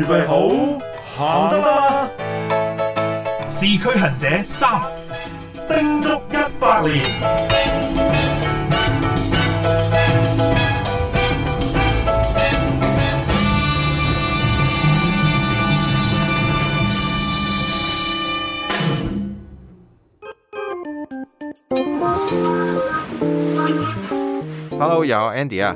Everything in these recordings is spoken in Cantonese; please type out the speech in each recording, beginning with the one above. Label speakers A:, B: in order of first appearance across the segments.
A: 預備好行得嗎？市驅行者三叮足一百年。Hello，有 Andy 啊！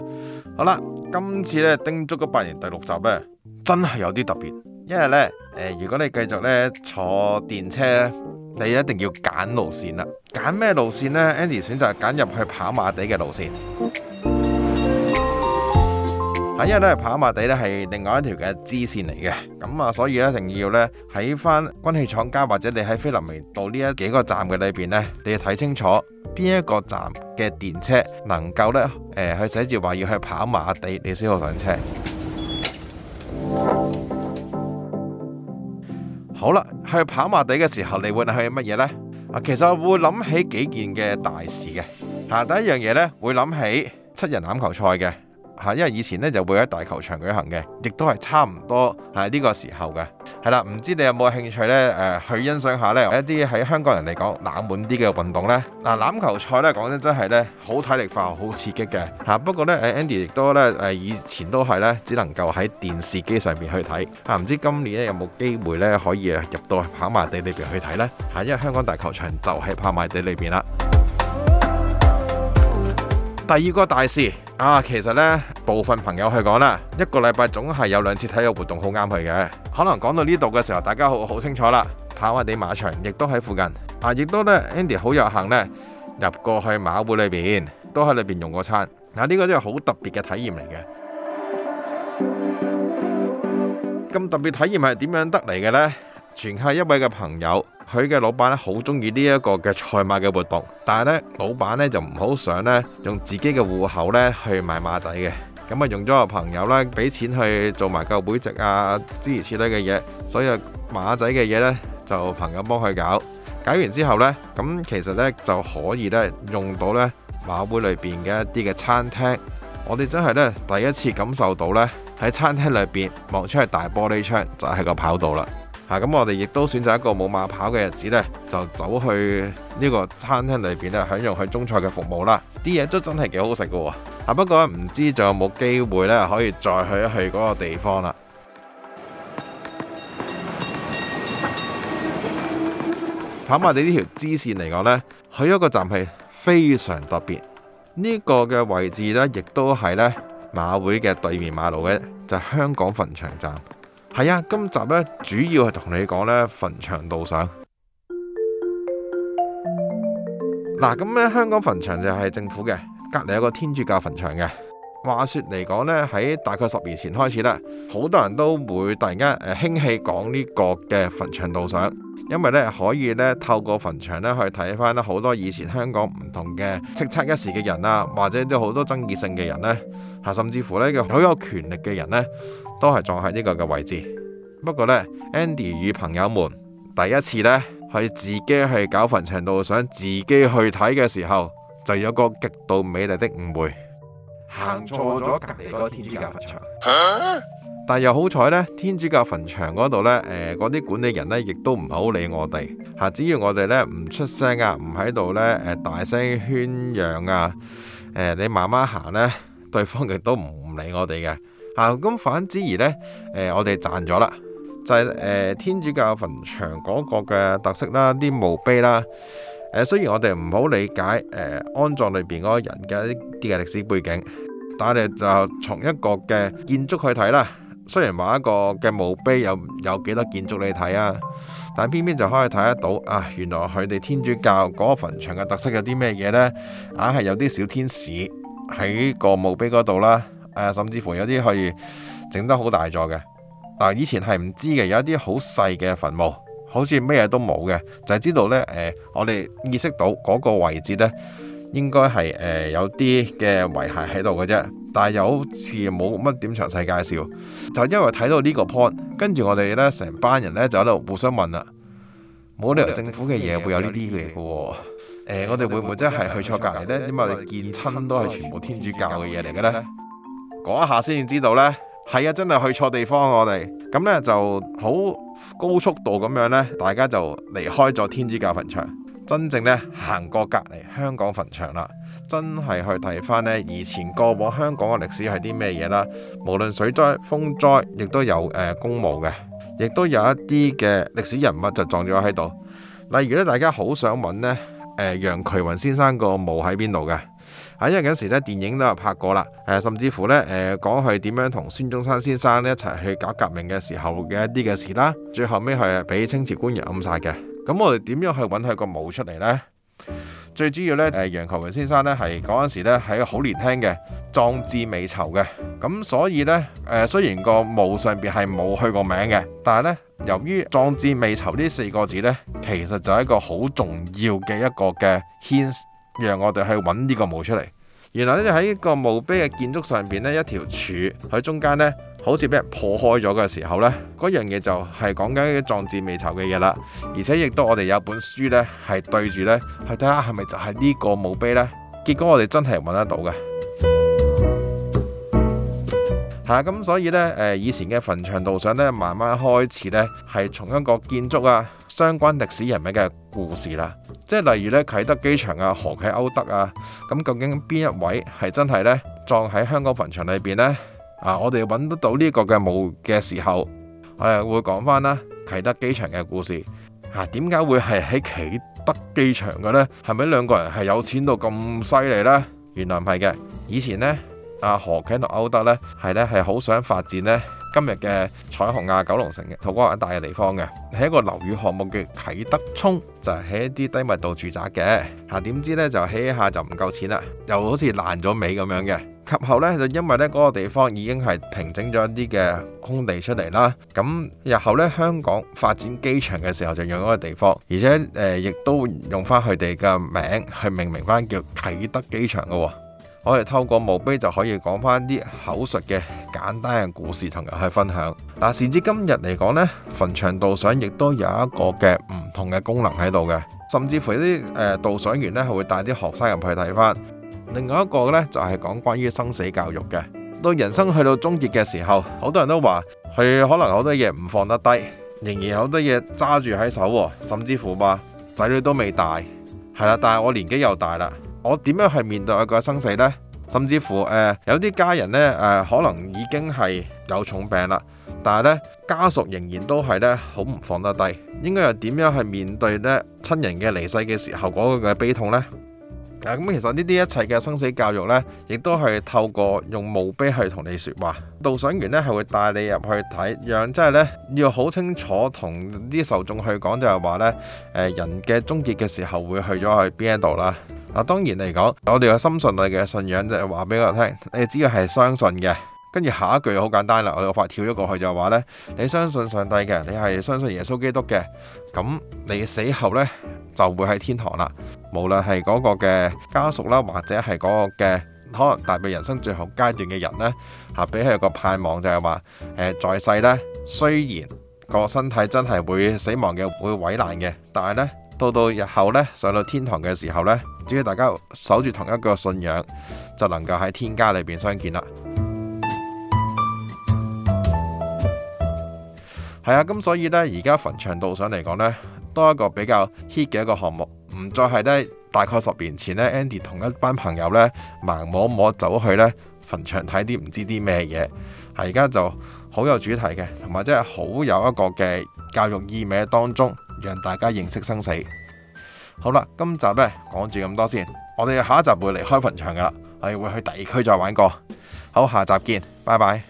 A: 好啦，今次咧叮足一百年第六集咧。真係有啲特別，因為呢，誒，如果你繼續呢坐電車咧，你一定要揀路線啦。揀咩路線呢？Andy 選擇揀入去跑馬地嘅路線，吓、嗯，因為咧，跑馬地呢係另外一條嘅支線嚟嘅。咁啊，所以咧，一定要呢喺翻軍器廠家或者你喺菲林明道呢一幾個站嘅裏邊呢，你要睇清楚邊一個站嘅電車能夠呢誒，佢寫住話要去跑馬地，你先好上車。好啦，去跑馬地嘅時候，你會諗起乜嘢呢？啊，其實會諗起幾件嘅大事嘅。吓，第一樣嘢咧，會諗起七人籃球賽嘅。吓，因為以前咧就會喺大球場舉行嘅，亦都係差唔多係呢個時候嘅。係啦，唔知你有冇興趣咧？誒、呃，去欣賞下咧一啲喺香港人嚟講冷門啲嘅運動呢。嗱、啊，欖球賽咧講真真係咧好體力化，好刺激嘅吓、啊。不過咧，Andy 亦都咧誒以前都係咧，只能夠喺電視機上面去睇。吓、啊，唔知今年咧有冇機會咧可以入到跑馬地裏邊去睇呢？吓、啊，因為香港大球場就喺跑馬地裏邊啦。第二個大事。啊，其實呢，部分朋友去講啦，一個禮拜總係有兩次體育活動好啱佢嘅。可能講到呢度嘅時候，大家好好清楚啦。跑馬地馬場亦都喺附近，啊，亦都呢。Andy 好有幸呢，入過去馬會裏邊，都喺裏邊用過餐。嗱、啊，呢、呢個都係好特別嘅體驗嚟嘅。咁特別體驗係點樣得嚟嘅呢？全靠一位嘅朋友。佢嘅老闆呢好中意，呢一個嘅賽馬嘅活動，但係呢，老闆呢就唔好想呢用自己嘅戶口呢去買馬仔嘅，咁啊用咗個朋友呢俾錢去做埋救會籍啊，諸如此類嘅嘢，所以啊馬仔嘅嘢呢，就朋友幫佢搞，搞完之後呢，咁其實呢就可以呢用到呢馬會裏邊嘅一啲嘅餐廳。我哋真係呢第一次感受到呢喺餐廳裏邊望出去大玻璃窗就係個跑道啦。啊，咁我哋亦都選擇一個冇馬跑嘅日子呢就走去呢個餐廳裏邊咧，享用佢中菜嘅服務啦。啲嘢都真係幾好食嘅喎。啊，不過唔知仲有冇機會呢可以再去一去嗰個地方啦。坦白地，呢條支線嚟講呢，去一個站係非常特別。呢、呢個嘅位置呢，亦都係咧馬會嘅對面馬路嘅，就係、香港墳場站。係啊，今集咧主要係同你講咧墳場道上。嗱，咁咧香港墳場就係政府嘅，隔籬有個天主教墳場嘅。話說嚟講呢，喺大概十年前開始咧，好多人都會突然間誒興起講呢個嘅墳場道上，因為呢可以呢透過墳場呢去睇翻咧好多以前香港唔同嘅叱咤一時嘅人啊，或者啲好多爭議性嘅人呢，吓甚至乎呢嘅好有權力嘅人呢。都係撞喺呢個嘅位置。不過呢 Andy 與朋友們第一次呢，係自己去搞墳場度，想自己去睇嘅時候，就有個極度美麗的誤會，行錯咗隔籬個天主教墳場，啊。但又好彩呢，天主教墳場嗰度呢，誒、呃，嗰啲管理人呢，亦都唔好理我哋。吓，只要我哋呢，唔出聲啊，唔喺度呢，誒，大聲喧嚷啊，誒、呃，你慢慢行呢，對方亦都唔理我哋嘅。啊，咁反之而呢，誒、呃、我哋賺咗啦，就係、是、誒、呃、天主教墳場嗰個嘅特色啦，啲墓碑啦，誒、呃、雖然我哋唔好理解誒、呃、安葬裏邊嗰人嘅一啲嘅歷史背景，但係就從一個嘅建築去睇啦。雖然話一個嘅墓碑有有幾多建築你睇啊，但偏偏就可以睇得到啊，原來佢哋天主教嗰個墳場嘅特色有啲咩嘢呢？硬、啊、係有啲小天使喺個墓碑嗰度啦。誒，甚至乎有啲可以整得好大座嘅，嗱，以前係唔知嘅，有一啲好細嘅墳墓，好似咩嘢都冇嘅，就係、是、知道呢，誒、呃，我哋意識到嗰個位置呢，應該係誒、呃、有啲嘅遺骸喺度嘅啫，但係又好似冇乜點詳細介紹，就因為睇到這個呢個 point，跟住我哋呢成班人呢，就喺度互相問啦，冇理由政府嘅嘢會有呢啲嘢嘅，誒、呃，我哋會唔會真係去錯隔籬呢？點解我哋見親都係全部天主教嘅嘢嚟嘅呢。嗰一下先至知道呢，係啊，真係去錯地方，我哋咁呢就好高速度咁樣呢，大家就離開咗天主教墳場，真正呢行過隔籬香港墳場啦，真係去睇翻呢，以前過往香港嘅歷史係啲咩嘢啦。無論水災、風災，亦都有誒公墓嘅，亦都有一啲嘅歷史人物就葬咗喺度。例如咧，大家好想問呢，誒楊衢雲先生個墓喺邊度嘅？因為嗰時咧，電影都有拍過啦，誒、呃，甚至乎咧，誒、呃，講佢點樣同孫中山先生一齊去搞革命嘅時候嘅一啲嘅事啦。最後尾係俾清朝官員暗殺嘅。咁我哋點樣去揾佢個墓出嚟呢？最主要咧，誒、呃、楊求榮先生咧係嗰陣時咧係好年輕嘅，壯志未酬嘅。咁所以呢，誒、呃、雖然個墓上邊係冇佢個名嘅，但係呢，由於壯志未酬呢四個字呢，其實就係一個好重要嘅一個嘅牽。讓我哋去搵呢個墓出嚟，原來呢就喺一個墓碑嘅建築上邊呢，一條柱喺中間呢，好似俾人破開咗嘅時候呢，嗰樣嘢就係講緊一啲壯志未酬嘅嘢啦，而且亦都我哋有本書呢係對住呢去睇下係咪就係呢個墓碑呢。結果我哋真係搵得到嘅，吓，咁所以呢，誒以前嘅墳場道上呢，慢慢開始呢係從一個建築啊，相關歷史人物嘅故事啦，即係例如咧啟德機場啊，何啟歐德啊，咁究竟邊一位係真係咧葬喺香港墳場裏邊呢？啊，我哋揾得到呢個嘅墓嘅時候，我哋會講翻啦啟德機場嘅故事。吓、啊，點解會係喺啟德機場嘅呢？係咪兩個人係有錢到咁犀利呢？原來唔係嘅，以前呢，阿何啟同歐德呢，係咧係好想發展呢。今日嘅彩虹亞九龍城嘅土瓜灣大嘅地方嘅，係一個樓宇項目叫啟德涌，就係、是、喺一啲低密度住宅嘅，吓，點知呢，就起一下就唔夠錢啦，又好似爛咗尾咁樣嘅。及後呢，就因為呢嗰個地方已經係平整咗一啲嘅空地出嚟啦，咁日後呢，香港發展機場嘅時候就用嗰個地方，而且誒亦、呃、都用翻佢哋嘅名去命名翻叫啟德機場喎。我哋透過墓碑就可以講翻啲口述嘅簡單嘅故事，同人去分享。嗱，時至今日嚟講呢，墳場導賞亦都有一個嘅唔同嘅功能喺度嘅，甚至乎啲誒導賞員呢，係會帶啲學生入去睇翻。另外一個呢，就係、是、講關於生死教育嘅，到人生去到終結嘅時候，好多人都話佢可能好多嘢唔放得低，仍然好多嘢揸住喺手，甚至乎話仔女都未大，係啦，但係我年紀又大啦。我點樣去面對一個生死呢？甚至乎誒、呃、有啲家人呢，誒、呃，可能已經係有重病啦，但係呢，家屬仍然都係呢，好唔放得低。應該又點樣去面對呢？親人嘅離世嘅時候嗰個嘅悲痛呢？咁、呃，其實呢啲一切嘅生死教育呢，亦都係透過用墓碑去同你説話。導賞員呢，係會帶你入去睇，讓即係呢，要好清楚同啲受眾去講，就係、是、話呢，誒、呃、人嘅終結嘅時候會去咗去邊一度啦。嗱，當然嚟講，我哋嘅深信裏嘅信仰就係話俾我聽，你只要係相信嘅，跟住下一句好簡單啦。我哋快跳咗過去就係話呢：「你相信上帝嘅，你係相信耶穌基督嘅，咁你死後呢，就會喺天堂啦。無論係嗰個嘅家屬啦，或者係嗰個嘅可能踏入人生最後階段嘅人呢，下俾佢個盼望就係話，在世呢，雖然個身體真係會死亡嘅，會毀爛嘅，但係呢，到到日後呢，上到天堂嘅時候呢。」只要大家守住同一個信仰，就能夠喺天家裏面相見啦。係啊，咁所以呢，而家墳場道上嚟講呢，都係一個比較 hit 嘅一個項目，唔再係呢，大概十年前呢 Andy 同一班朋友呢，盲摸摸走去呢墳場睇啲唔知啲咩嘢，係而家就好有主題嘅，同埋即係好有一個嘅教育意味喺當中，讓大家認識生死。好啦，今集呢講住咁多先，我哋下一集會離開墳場噶啦，我哋會去第二區再玩過。好，下集見，拜拜。